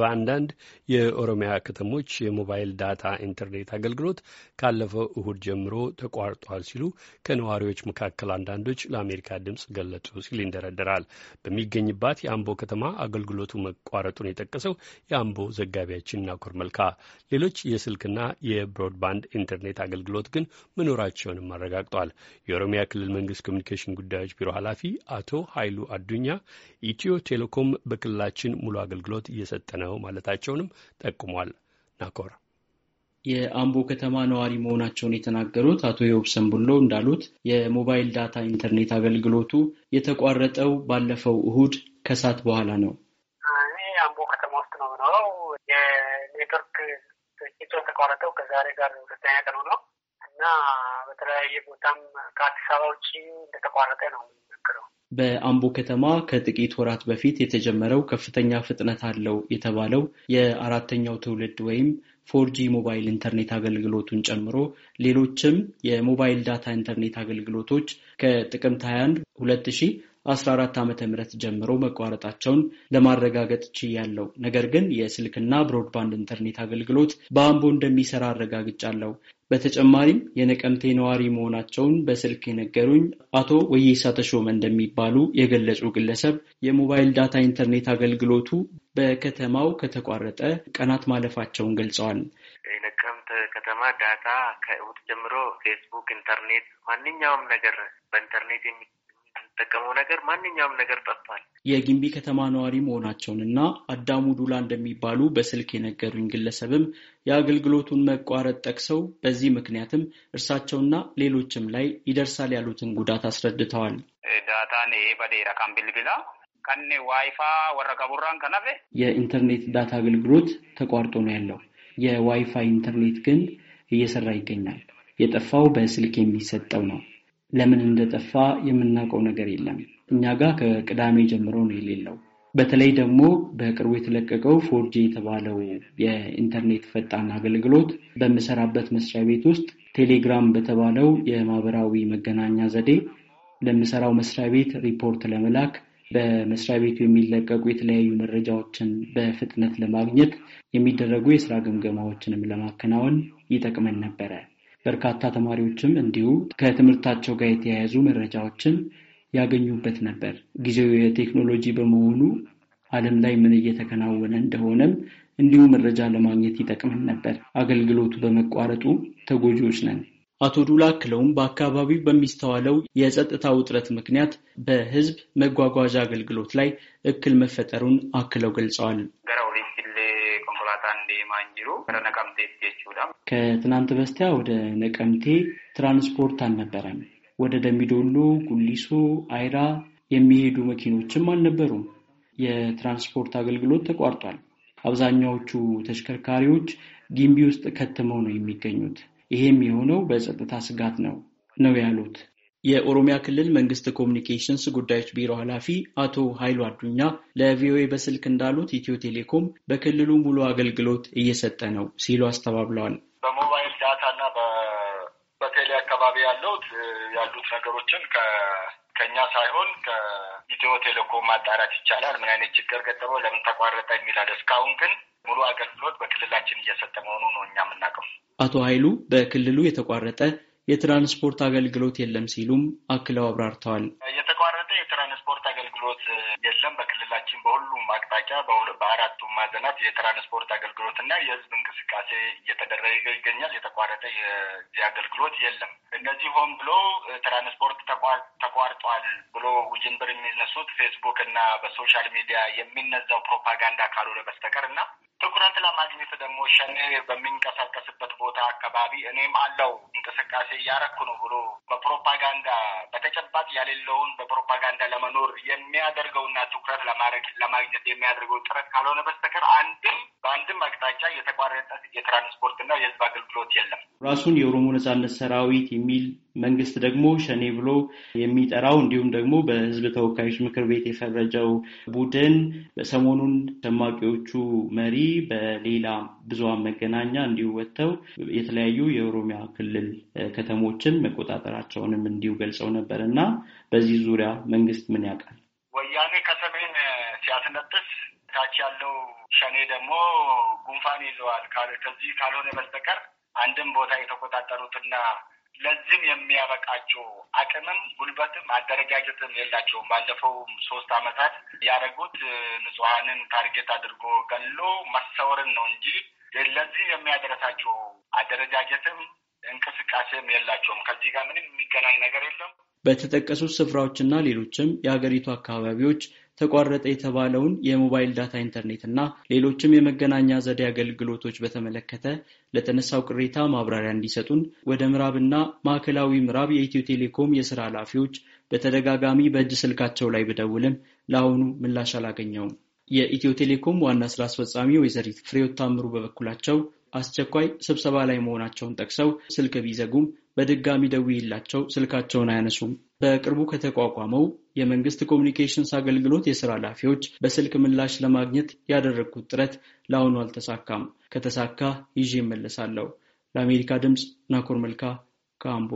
በአንዳንድ የኦሮሚያ ከተሞች የሞባይል ዳታ ኢንተርኔት አገልግሎት ካለፈው እሁድ ጀምሮ ተቋርጧል ሲሉ ከነዋሪዎች መካከል አንዳንዶች ለአሜሪካ ድምፅ ገለጹ ሲል ይንደረደራል። በሚገኝባት የአምቦ ከተማ አገልግሎቱ መቋረጡን የጠቀሰው የአምቦ ዘጋቢያችን ናኮር መልካ ሌሎች የስልክና የብሮድባንድ ኢንተርኔት አገልግሎት ግን መኖራቸውንም አረጋግጧል። የኦሮሚያ ክልል መንግስት ኮሚኒኬሽን ጉዳዮች ቢሮ ኃላፊ አቶ ኃይሉ አዱኛ ኢትዮ ቴሌኮም በክልላችን ሙሉ አገልግሎት እየሰጠ ነው ነው ማለታቸውንም ጠቁሟል። ናኮር የአምቦ ከተማ ነዋሪ መሆናቸውን የተናገሩት አቶ የውብሰን ቡሎ እንዳሉት የሞባይል ዳታ ኢንተርኔት አገልግሎቱ የተቋረጠው ባለፈው እሁድ ከሰዓት በኋላ ነው። እኔ አምቦ ከተማ ውስጥ ነው የምኖረው። የኔትወርክ ስርጭቱ የተቋረጠው ከዛሬ ጋር ሁለተኛ ቀኑ ነው እና በተለያየ ቦታም ከአዲስ አበባ ውጭ እንደተቋረጠ ነው በአምቦ ከተማ ከጥቂት ወራት በፊት የተጀመረው ከፍተኛ ፍጥነት አለው የተባለው የአራተኛው ትውልድ ወይም ፎርጂ ሞባይል ኢንተርኔት አገልግሎቱን ጨምሮ ሌሎችም የሞባይል ዳታ ኢንተርኔት አገልግሎቶች ከጥቅምት 21 2000 14 ጀምሮ መቋረጣቸውን ለማረጋገጥ ችያለው ነገር ግን የስልክና ብሮድባንድ ኢንተርኔት አገልግሎት በአምቦ እንደሚሰራ አረጋግጫለው። በተጨማሪም የነቀምቴ ነዋሪ መሆናቸውን በስልክ የነገሩኝ አቶ ወይሳ ተሾመ እንደሚባሉ የገለጹ ግለሰብ የሞባይል ዳታ ኢንተርኔት አገልግሎቱ በከተማው ከተቋረጠ ቀናት ማለፋቸውን ገልጸዋል። የነቀምት ከተማ ዳታ ከእሑድ ጀምሮ ፌስቡክ፣ ኢንተርኔት ማንኛውም ነገር በኢንተርኔት የሚ የምንጠቀመው ነገር ማንኛውም ነገር ጠፍቷል። የጊምቢ ከተማ ነዋሪ መሆናቸውንና አዳሙ ዱላ እንደሚባሉ በስልክ የነገሩኝ ግለሰብም የአገልግሎቱን መቋረጥ ጠቅሰው በዚህ ምክንያትም እርሳቸውና ሌሎችም ላይ ይደርሳል ያሉትን ጉዳት አስረድተዋል። ዳታን ይሄ በዴራ ከኔ ዋይፋ ወረቀቡራን ከናፌ የኢንተርኔት ዳታ አገልግሎት ተቋርጦ ነው ያለው። የዋይፋይ ኢንተርኔት ግን እየሰራ ይገኛል። የጠፋው በስልክ የሚሰጠው ነው። ለምን እንደጠፋ የምናውቀው ነገር የለም። እኛ ጋር ከቅዳሜ ጀምሮ ነው የሌለው። በተለይ ደግሞ በቅርቡ የተለቀቀው ፎርጂ የተባለው የኢንተርኔት ፈጣን አገልግሎት በምሰራበት መስሪያ ቤት ውስጥ ቴሌግራም በተባለው የማህበራዊ መገናኛ ዘዴ ለምሰራው መስሪያ ቤት ሪፖርት ለመላክ በመስሪያ ቤቱ የሚለቀቁ የተለያዩ መረጃዎችን በፍጥነት ለማግኘት የሚደረጉ የስራ ግምገማዎችንም ለማከናወን ይጠቅመን ነበረ። በርካታ ተማሪዎችም እንዲሁ ከትምህርታቸው ጋር የተያያዙ መረጃዎችን ያገኙበት ነበር። ጊዜው የቴክኖሎጂ በመሆኑ ዓለም ላይ ምን እየተከናወነ እንደሆነም እንዲሁ መረጃ ለማግኘት ይጠቅመን ነበር። አገልግሎቱ በመቋረጡ ተጎጂዎች ነን። አቶ ዱላ አክለውም በአካባቢው በሚስተዋለው የጸጥታ ውጥረት ምክንያት በሕዝብ መጓጓዣ አገልግሎት ላይ እክል መፈጠሩን አክለው ገልጸዋል። konkolaataan deemaan jiru gara Naqamteetti ከትናንት በስቲያ ወደ ነቀምቴ ትራንስፖርት አልነበረም። ወደ ደሚዶሎ፣ ጉሊሶ፣ አይራ የሚሄዱ መኪኖችም አልነበሩም። የትራንስፖርት አገልግሎት ተቋርጧል። አብዛኛዎቹ ተሽከርካሪዎች ጊምቢ ውስጥ ከትመው ነው የሚገኙት። ይሄም የሆነው በጸጥታ ስጋት ነው ነው ያሉት የኦሮሚያ ክልል መንግስት ኮሚኒኬሽንስ ጉዳዮች ቢሮ ኃላፊ አቶ ኃይሉ አዱኛ ለቪኦኤ በስልክ እንዳሉት ኢትዮ ቴሌኮም በክልሉ ሙሉ አገልግሎት እየሰጠ ነው ሲሉ አስተባብለዋል። በሞባይል ዳታ እና በቴሌ አካባቢ ያሉት ያሉት ነገሮችን ከኛ ሳይሆን ከኢትዮ ቴሌኮም ማጣራት ይቻላል። ምን አይነት ችግር ገጠመው፣ ለምን ተቋረጠ የሚላል። እስካሁን ግን ሙሉ አገልግሎት በክልላችን እየሰጠ መሆኑ ነው እኛ የምናውቀው። አቶ ኃይሉ በክልሉ የተቋረጠ የትራንስፖርት አገልግሎት የለም ሲሉም አክለው አብራርተዋል። የተቋረጠ የትራንስፖርት አገልግሎት የለም። በክልላችን በሁሉም አቅጣጫ በአራቱም ማዘናት የትራንስፖርት አገልግሎት እና የህዝብ እንቅስቃሴ እየተደረገ ይገኛል። የተቋረጠ የአገልግሎት የለም። እነዚህ ሆን ብሎ ትራንስፖርት ተቋርጧል ብሎ ውጅንብር የሚነሱት ፌስቡክ እና በሶሻል ሚዲያ የሚነዛው ፕሮፓጋንዳ ካልሆነ በስተቀር እና ትናንት ለማግኘት ደግሞ ሸኔ በሚንቀሳቀስበት ቦታ አካባቢ እኔም አለው እንቅስቃሴ እያረኩ ነው ብሎ በፕሮፓጋንዳ በተጨባጭ ያሌለውን በፕሮፓጋንዳ ለመኖር የሚያደርገውና ትኩረት ለማድረግ ለማግኘት የሚያደርገው ጥረት ካልሆነ በስተቀር አንድም በአንድም አቅጣጫ የተቋረጠ የትራንስፖርትና የህዝብ አገልግሎት የለም። ራሱን የኦሮሞ ነጻነት ሰራዊት የሚል መንግስት ደግሞ ሸኔ ብሎ የሚጠራው እንዲሁም ደግሞ በህዝብ ተወካዮች ምክር ቤት የፈረጀው ቡድን ሰሞኑን ሸማቂዎቹ መሪ በሌላ ብዙሃን መገናኛ እንዲሁ ወጥተው የተለያዩ የኦሮሚያ ክልል ከተሞችን መቆጣጠራቸውንም እንዲሁ ገልጸው ነበር እና በዚህ ዙሪያ መንግስት ምን ያውቃል? ወያኔ ሰሜን ሲያስነጥስ ታች ያለው ሸኔ ደግሞ ጉንፋን ይዘዋል። ከዚህ ካልሆነ በስተቀር አንድም ቦታ የተቆጣጠሩትና ለዚህም የሚያበቃቸው አቅምም ጉልበትም አደረጃጀትም የላቸውም። ባለፈው ሶስት አመታት ያደረጉት ንጹሐንን ታርጌት አድርጎ ገሎ መሰወርን ነው እንጂ ለዚህ የሚያደረሳቸው አደረጃጀትም እንቅስቃሴም የላቸውም። ከዚህ ጋር ምንም የሚገናኝ ነገር የለም። በተጠቀሱት ስፍራዎችና ሌሎችም የሀገሪቱ አካባቢዎች ተቋረጠ የተባለውን የሞባይል ዳታ ኢንተርኔት እና ሌሎችም የመገናኛ ዘዴ አገልግሎቶች በተመለከተ ለተነሳው ቅሬታ ማብራሪያ እንዲሰጡን ወደ ምዕራብና ማዕከላዊ ምዕራብ የኢትዮ ቴሌኮም የስራ ኃላፊዎች በተደጋጋሚ በእጅ ስልካቸው ላይ ብደውልም ለአሁኑ ምላሽ አላገኘውም። የኢትዮ ቴሌኮም ዋና ስራ አስፈጻሚ ወይዘሪት ፍሬዮት ታምሩ በበኩላቸው አስቸኳይ ስብሰባ ላይ መሆናቸውን ጠቅሰው ስልክ ቢዘጉም በድጋሚ ደውዬላቸው ስልካቸውን አያነሱም በቅርቡ ከተቋቋመው የመንግስት ኮሚኒኬሽንስ አገልግሎት የስራ ኃላፊዎች በስልክ ምላሽ ለማግኘት ያደረግኩት ጥረት ለአሁኑ አልተሳካም። ከተሳካ ይዤ እመለሳለሁ። ለአሜሪካ ድምፅ ናኮር መልካ ካምቦ